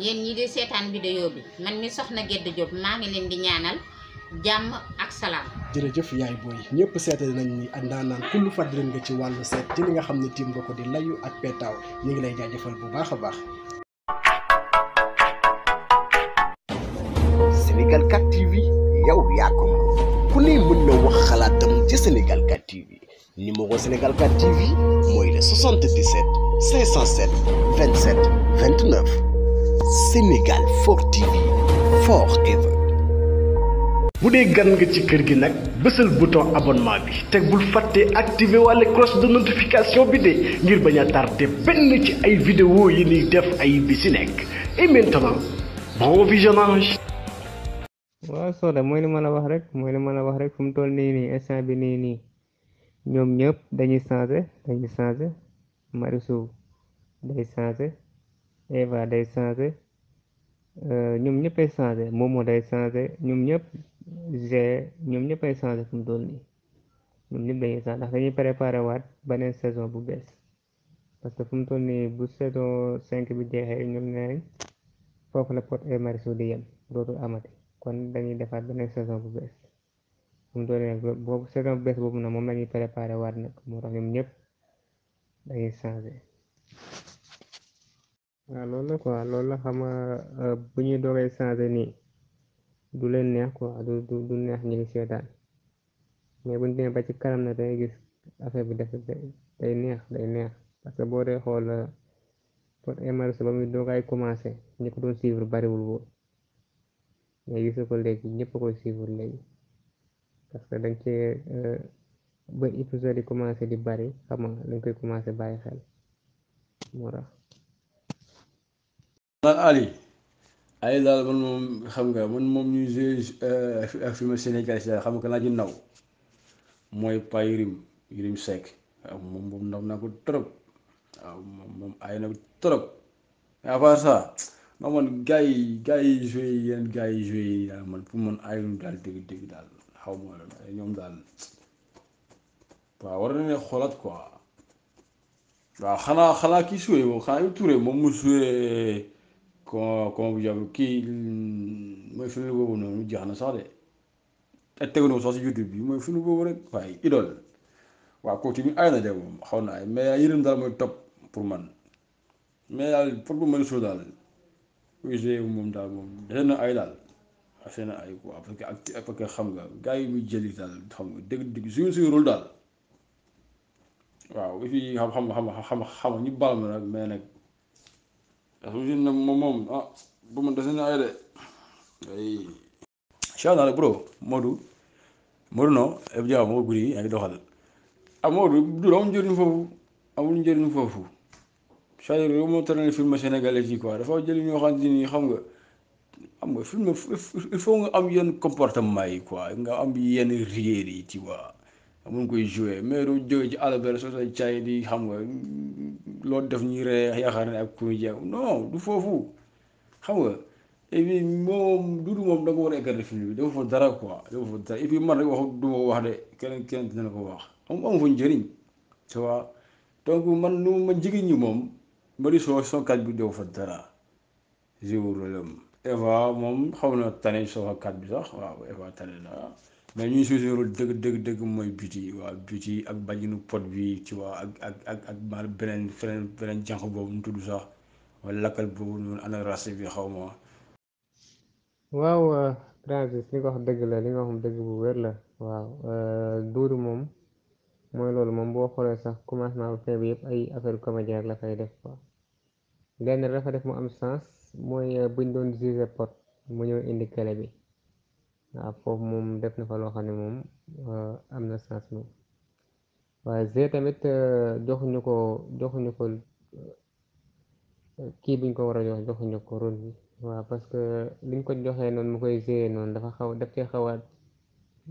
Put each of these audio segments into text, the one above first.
yéen ñi di seetaan vidéo bi man mi soxna Gédd Diop maa ngi leen di ñaanal jàmm ak salaam. jërëjëf yaay booy ñëpp seete nañ ni ndaanaan kullu fadrin nga ci wàllu seet ci li nga xam ne tiim nga ko di layu ak peetaaw ñu ngi lay jaajëfal bu baax a baax. Sénégal 4 TV yow yaa ko ku ne mën na wax xalaatam ci Sénégal 4 TV numéro Sénégal 4 TV mooy le 77 507 Sénégal bu dee gan nga ci kër gi nag bésal bouton abonnement bi teg bul fàttee activé walla cloche de notification bi de ngir bañ a benn ci ay vidéo yi ni def ay bi si nekk et maintenant bon visionnage. waaw soo de mooy li ma la wax rek mooy li ma la wax rek fu mu toll nii nii instant bi nii nii ñoom ñëpp dañuy changé dañuy changé Marichou day changé. Eva day changé ñoom ñëpp ay changé Momo day changé ñoom ñëpp G ñoom ñëpp ay changé fu mu toll nii ñoom ñëpp dañuy changé ndax dañuy préparé waat beneen saison bu bees parce que fu mu toll nii bu saison cinq bi jeexee ñoom nee nañ foofu la Pod et Marichou di yem dootul amati kon dañuy defaat beneen saison bu bees fu mu toll nii boobu saison bu bees boobu na moom la ñuy préparé waat nag moo tax ñoom ñëpp dañuy changé. waaw loolu la quoi loolu la xam nga euh, bu ñuy doogay changé nii du leen neex ko du du du neex ñi ngi seetaan mais bu ñu ba ci kanam na day gis affaire bi def day neex day neex parce que boo dee xool Pod et Marichou ba muy doogay commencé ñu ko doon suivre bariwul woon mais gis ko léegi ñëpp koy suivre léegi parce que dañ cee euh, ba épisode yi commencé di bari xam nga dañ koy commencé bàyyi xel daal Ali Ali xam nga man moom ñu joué euh, film Sénégal si daal xam nga laa ci naw mooy Pa Yirim Yirim Seck waaw moom moom naa ko trop waaw moom ay na ko trop à part ça non man gars yi gars yi joué yenn daal man pour man ayuñu daal dëgg dëgg daal xaw ma loolu ñoom daal waaw war nañu xoolaat quoi waaw xanaa xanaa kii joué xanaa yu Touré moom mu joué. con con kii mm, mooy film boobu noonu jeex na sax de te tegu na ko sax YouTube bi mooy film boobu rek waaye idole waaw kooku tamit aay na de moom xaw na ay mais yërëm daal mooy pour man mais daal pour bu mel soo daal UG moom daal moom dese ay daal dese na ay quoi parce que ak parce que xam nga gars yi muy jëli daal xam nga dëgg-dëgg suñu suñu rôle daal waaw fi xam xam xam xam xam ñu baal na nag mais nag. ndax wi ne moom moom ah bu ma dese na ay de ay incha allah bro Modou Modou non F Diao moo guddi yaa ngi doxal ah Modou du amul njëriñ foofu amul njëriñ foofu c'est-à-dire yow moo tëral film sénégalais yi quoi dafa jël ñoo xamante ni xam nga xam nga film il faut nga am yenn comportement yi quoi nga am yenn rigueur yi tu mun koy joué mais du jóge ci àll bi soo sa caay di xam nga loolu def ñuy ree yaakaar ne ak kuy jeex non du foofu xam nga et puis moom Doudou moom da ko war a écarter film bi dafa fa dara man rek wax du ko wax de keneen ma jigéen ñi moom mbari soo sokat bi dafa fa dara je vous Eva moom xaw na tane soxakat bi sax waaw Eva tane na mais ñuy suuseerul dëgg dëgg dëgg mooy but yi waaw but ak bajinu pot bi ci waa ak ak ak ak ma beneen feneen beneen jànq boobu mu tudd sax wala lakkal boobu noonu ana race bi xaw ma waaw Francis euh, wax dëgg la li dëgg bu wér la waaw euh, duudu moom mooy loolu moom boo xoolee sax commencement ba fin yëpp ay affaire comédien rek la fay def quoi dafa def mu am sens mooy euh, buñ doon juger pot mu ñëw indi kele bi waaw foofu moom def na fa loo xam ne moom euh, am na sens moom waaye G tamit euh, joxuñu ko joxuñu ko euh, kii biñ ko war a jox joxuñu ko parce que liñ ko joxee noonu mu koy G noonu dafa xaw daf cee xaw a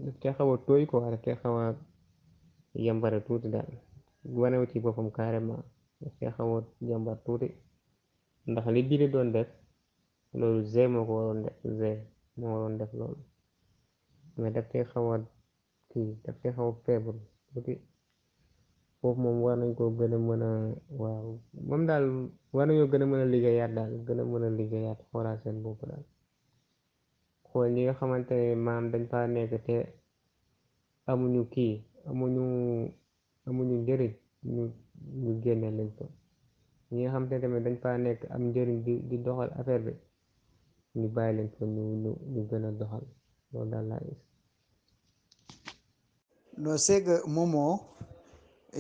daf cee xaw tooy quoi daf cee xaw yambare tuuti daal wanewu ci boppam carrément daf cee xaw a yambar tuuti ndax li biiri doon def loolu G moo ko waroon def G moo waroon def loolu mais daf dee xaw kii daf dee xaw a faible foofu moom war nañ koo gën a mën waaw moom daal war nañoo gën a mën a liggéeyaat daal gën a mën a liggéeyaat xoolaat seen bopp daal xool ñi nga xamante ne maam dañ faa nekk te amuñu kii amuñu amuñu njëriñ ñu ñu génne lañ ko ñi nga xamante ne tamit dañ faa nekk am njëriñ di di doxal affaire bi ñu bàyyi leen ko ñu ñu ñu gën doxal loolu daal laa gis no c'est que moomoo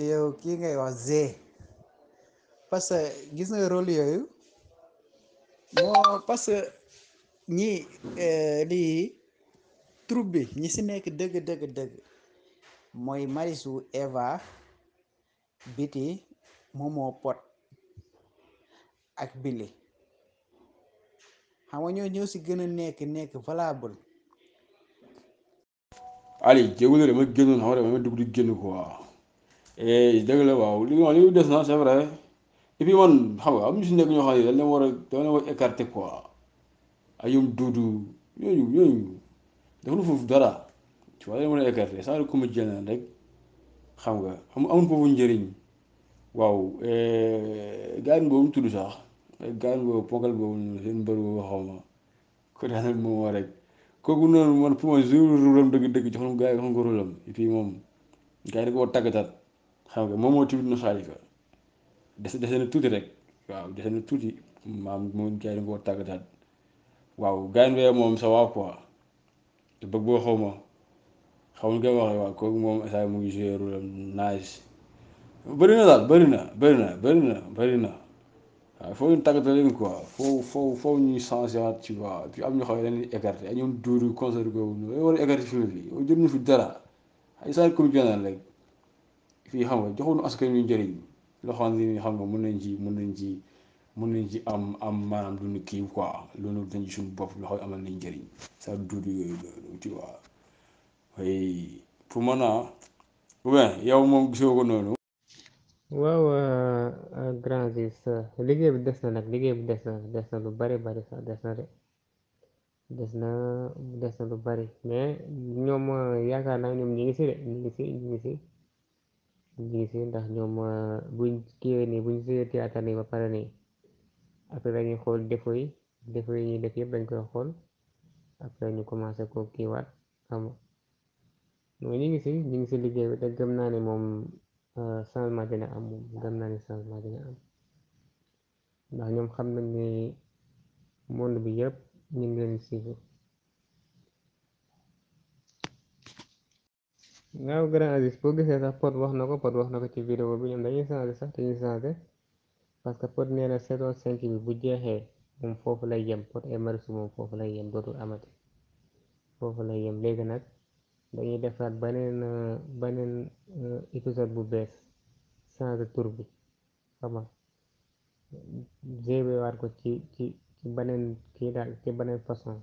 yow kii ngay wax z parce que gis nga rôle yooyu moo parce que ñi lii troupe bi ñi si nekk dëgg dëgg dëgg mooy Marichou Eva Biti moomoo Pod ak Billy xam nga ñoo ñëw si gën a nekk nekk valable Ali jégalu dama génnoon xam nga dama dugg di génn quoi dëgg la waaw li nga wax ni des na c'est et puis man xam nga am war a dañ leen war a écarter quoi ay yom duudu ñooñu ñooñu dafa foofu rek xam nga am amul njëriñ waaw eh, gaan boobu tudd sax eh, gaan boobu ponkal boobu seen mbër boobu xaw ma ko daanal moom rek. kooku noonu man pour moi joué rôle am dëgg-dëgg jox na gars yi nga rôle am et puis moom gars yi da koo tàggataat xam nga moom moo tamit na xaalifa des dese na tuuti rek waaw dese na tuuti maam moom gars yi da koo tàggataat waaw gars yi mbéy moom sa waaw quoi te bëgg boo xaw ma xaw ma nga waxee waaw kooku moom saa mu ngi joué rôle am nice bëri na daal na bëri na bëri na bëri na. waaw foo ñu tàggatoo quoi foo foo foo ñuy changé waat ci am ñu xaw dañuy écarté ak ñoom dóor yu concert boobu ñu war a fi dara ay saa yu comédien xam nga joxuñu askan wi njëriñ loo xam ne xam nga mën nañ ci mën nañ ci mën nañ ci am am maanaam lu ñu kii quoi loolu dañ ci xam ne amal nañ njëriñ saa dóor yooyu loolu tu vois waaye pour man ah ou bien yow moom gisoo ko noonu. waaw euh, euh, grand Ziz euh, liggéey bi des na nag liggéey bi des na des na lu bari bari sax des na de des na lu bari mais ñoom yaakaar naa ñoom ñu ngi si de ngi si ñu ngi si ngi si ndax ñoom buñ kiiwee nii buñ si théâtre nii ba pare nii après dañuy xool défaut yi défaut yi ñuy def yëpp dañ koy xool après ñu commencé ko kiiwaat xam nga ñu ngi si ñu ngi si liggéey bi te gëm naa ne moom changement dina am moom gëm naa ne changement dina am ndax ñoom xam nañ ne monde bi yëpp ñu ngi leen suivre waaw grand Aziz boo gisee sax Pod wax na ko Pod wax na ko ci vidéo bi ñoom dañuy changé sax dañuy changé parce que Pod nee na saison bi bu jeexee moom foofu lay yem Pod et Marichou moom foofu lay yem dootul amati foofu lay yem léegi nag dañuy defaat beneen eh, beneen épisode eh, bu bees de tour bi xam nga jéebewaat ko ci ci ci beneen kii daal ci beneen façon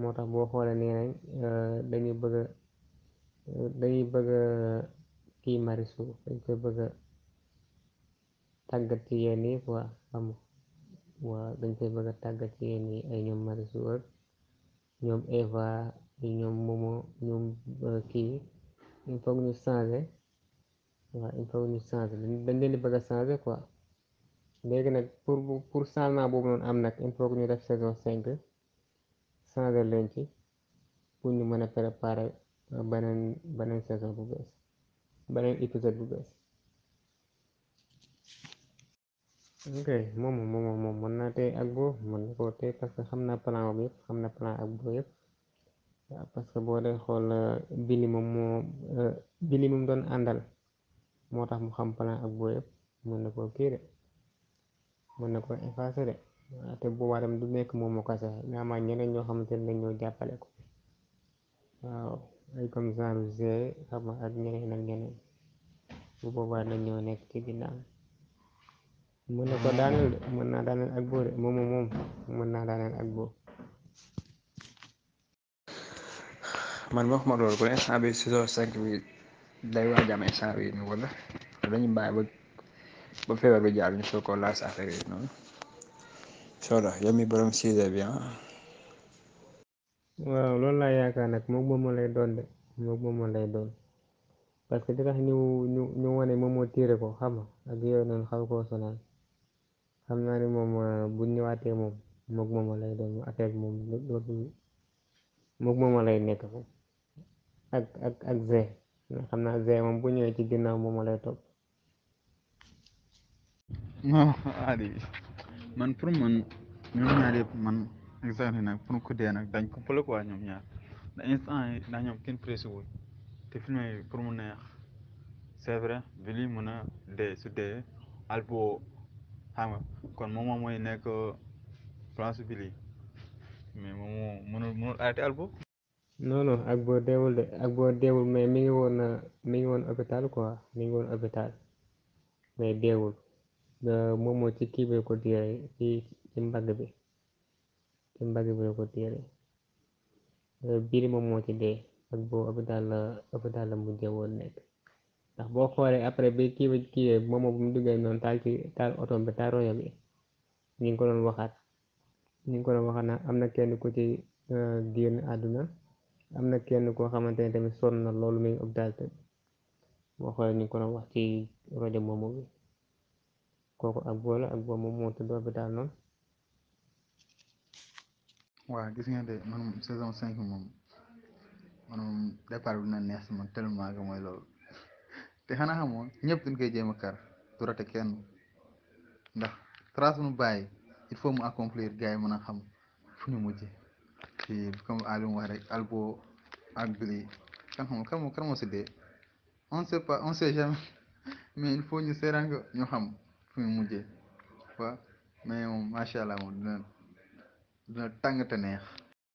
moo tax boo xoolee nee eh, nañ dañuy bëgg dañuy bëgg a kii marisu dañ koy bëgg a tàggat ci yenn yi quoi xam nga dañ koy bëgg a tàggat ci yenn yi ay ñoom marisu ak ñoom Eva ñoom momo ñoom kii il faut ñu changé waaw il faut ñu changé dañ leen di bëgg a changé quoi léegi nag pour pour changement boobu noonu am nag il faut ñu def saison cinq changé leen ci pour ñu mën a préparer beneen beneen saison bu bees beneen épisode bu bees ok moom moom moom mën naa tey ak boo mën na koo tey parce que xam naa plan boobu yëpp xam na plan ak boo yëpp parce que boo dee xool euh, bili moom moo euh, bili moom doon àndal moo tax mu xam plan ak boo yëpp mën na koo kii de na koo effacer de waaw te boobaa du nekk moom moo kase nga amaat ñeneen ñoo xamante ne ñoo jàppale ko waaw ay comme xam ak ñeneen ak ñeneen bu boobaa nekk ci ginnaaw mën na ko daaneel de mën naa daaneel ak boo de moom moom mën naa daaneel ak boo man waxuma loolu kon instant bi saison bi day waaj am instant bi nii wala la yow mi borom waaw loolu laa yaakaar nag moom moom lay doon de moom moom lay doon parce que di tax ñu ñu ñu wane moom moo tiire ko xam ak yooyu noonu naa ne moom ah, bu ñëwaatee moom moom moom lay doon moom moom moom lay nekk moom. ak ak ak z nga xam naa z moom bu ñëwee ci ginnaaw moom lay topp non Adi man pour man ñoom ñaar man exact nag pour ko dee nag dañ ko pële quoi ñoom ñaar da instant yi ndax ñoom kenn pressé wul te film yi pour mu neex c'est vrai bi li mën a dee su dee albo xam kon moom moom mooy nekk place bi lii mais moom moo mënul mënul albo non ak boo deewul de ak boo deewul mais mi ngi woon a mi ngi woon hôpital quoi mi ngi woon hôpital mais deewul moom moo ci kii bi ko tiire ci mbagg bi ci mbagg bi ko tiire euh, biir moom moo ci dee ak boo hôpital la hôpital la mujjee woon nekk ndax boo xoolee après bi kii bi kii moom bu mu duggee noonu taal ci taal oto bi taal royam bi ñu ngi ko doon waxaat ñu ngi ko doon waxaat naa am na kenn ku ci euh, génn àdduna am na kenn koo xamante ne tamit sonn na loolu muy hôpital te boo xoolee ñu ko doon wax ci rajo moomu bi kooku ak boola ak boobu moom moo tudd waaw gis nga de man saison cinq moom man moom départ bi na neex si man tellement que mooy loolu te xanaa xamoo ñëpp dañ koy jéem a kar du rate kenn ndax trace mu bàyyi il faut mu accomplir gars yi mën a xam fu ñu mujjee. cleave comme Alioune wax rek Albo ak Billy kan xam kan kan moo si on sait pas on sait jamais mais il faut ñu seeraan ñu xam fu mu mujjee waa mais moom machallah allah moom dina dina tàng te neex.